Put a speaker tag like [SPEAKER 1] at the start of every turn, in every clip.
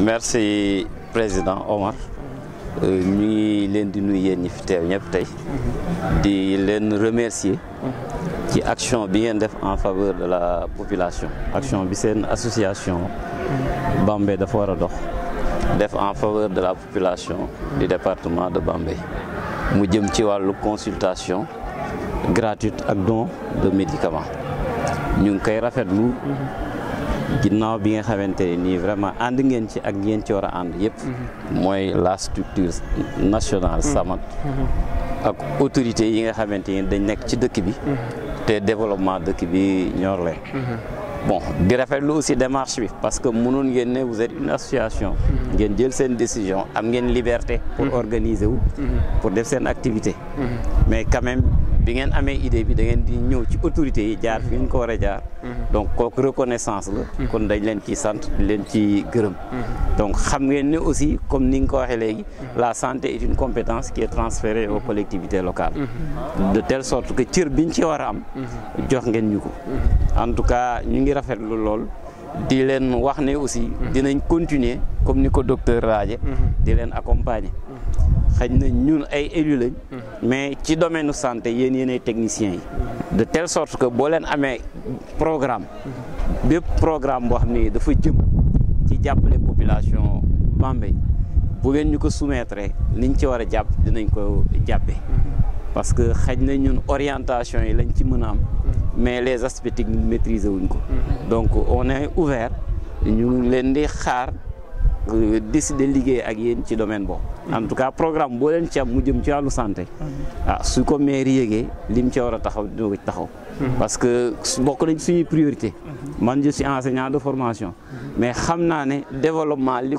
[SPEAKER 1] merci président Omar euh, Nous sommes di nuyu remercier qui action bien en faveur de la population action bi association Bambey de Fouarado en faveur de la population du département de Bambey Nous avons ci consultation gratuite ak don de médicaments Nous avons fait nous bi vraiment mhm. la structure nationale mhm. Mhm. autorité yi développement dëkk bi bon di aussi démarche parce que ngeen vous êtes une association. ngeen jël une décision am ngeen liberté. pour organiser pour def activité. mais quand même bi ngeen amee idée bi da ngeen di ñëw ci autorités yi fi ñu ko mhm. donc reconnaissance le mhm. kon dañ leen ci sant grum
[SPEAKER 2] mhm.
[SPEAKER 1] donc xam ngeen aussi comme ni nga ko la santé est une compétence qui est transférée aux collectivités locales de telle sorte que cër biñ ci war a am jox ngeen en tout cas ñu ngi rafetlu lool di leen wax ne aussi dinañ continuer comme ni ko docteur Radje di leen accompagner Nous na ñun ay élus mais ci domaine santé yéen yéenay techniciens yi de telle sorte que boo leen amee programme bépp programme boo xam ne dafa jëm ci jàppale population Bambey bu ngeen ñu ko soumettre liñ ci war a jàpp dinañ ko jàppe parce que xaj nañ ñun orientation yi lañ ci mën a am mais les aspects techniques maîtriser wuñ ko mm-hmm. donc on est ouvert ñu leen di xaar Euh, décider de ak dans ce domaine mm-hmm. en tout cas le programme boo leen ci am mu jëm santé. C'est mm-hmm. ah, ce ko lim mm-hmm. parce que une priorité. je suis enseignant de formation. mais sais que développement ce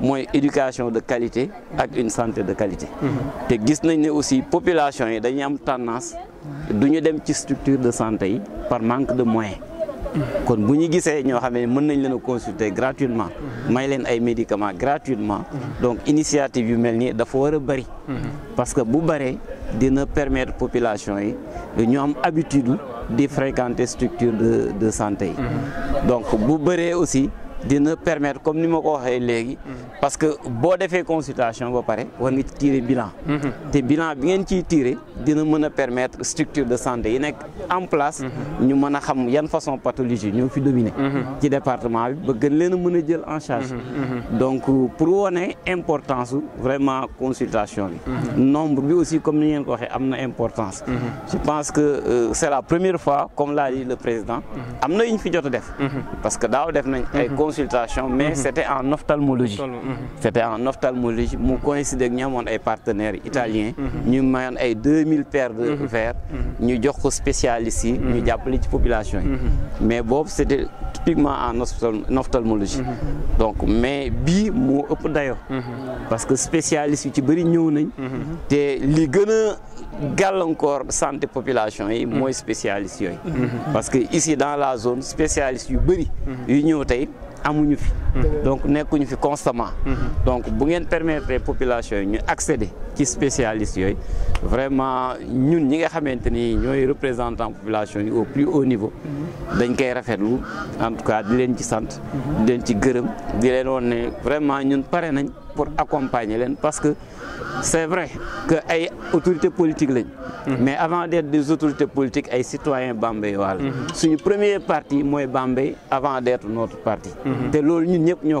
[SPEAKER 1] ko éducation de qualité et une santé de qualité. aussi population a une tendance. à structure de santé par manque de moyens kon buñu gisé ño xamé xam mën nañ leen consulter gratuitement may leen ay médicaments gratuitement donc initiative yu melni nii dafa wara bari parce que bu pas dina permettre population yi ñu am habitude di fréquenter structure de de santé mhm. donc bu bëree aussi dina permettre comme ni mako ko légui mhm. parce que bo défé consultation ba paré war nga tirer bilan. Mhm. té bilan bi ngén ci tirer dina mën permettre structure de santé yi nek en place. Mhm. ñu mën a xam yan façon pathologie le fi dominer ci département bi ba gën leen a jël en charge. donc pour woné importance vraiment consultation bi. nombre bi aussi comme ni ngén ko waxé amna importance. je pense que euh, c'est la première fois comme l'a dit le président. amna na ñu fi jottu def. parce que daaw def nañ ay mais mhm. c'était en ophtalmologie mhm. c'était en ophtalmologie mu suis ak avec mon partenaire partenaires italiens mhm. ñu 2000 paires de verres Nous avons des spécialistes ici. ñu jàppale ci population mais c'était typiquement en ophtalmologie donc mais bi, moi ëpp dayo parce que spécialistes sont ci bëri Et nañ te li gën sont santé population yi mooy spécialistes parce que ici dans la zone spécialistes yu bari yu amuñu fi. Mhm. donc nekkuñu fi constamment. Mhm. donc bu ngeen permettre population ñu accéder ci spécialistes yoy vraiment ñun ñi nga xamanteni ni représentant population au plus haut niveau. Mhm. dañ koy rafetlu en tout cas di leen ci sant. di leen ci gërëm di leen vraiment ñun paré nañ pour accompagner parce que c'est vrai que ay autorités politiques mhm. mais avant d'être des autorités politiques et citoyens Bambey C'est le premier parti moi Bambey avant d'être notre parti C'est mhm. ñun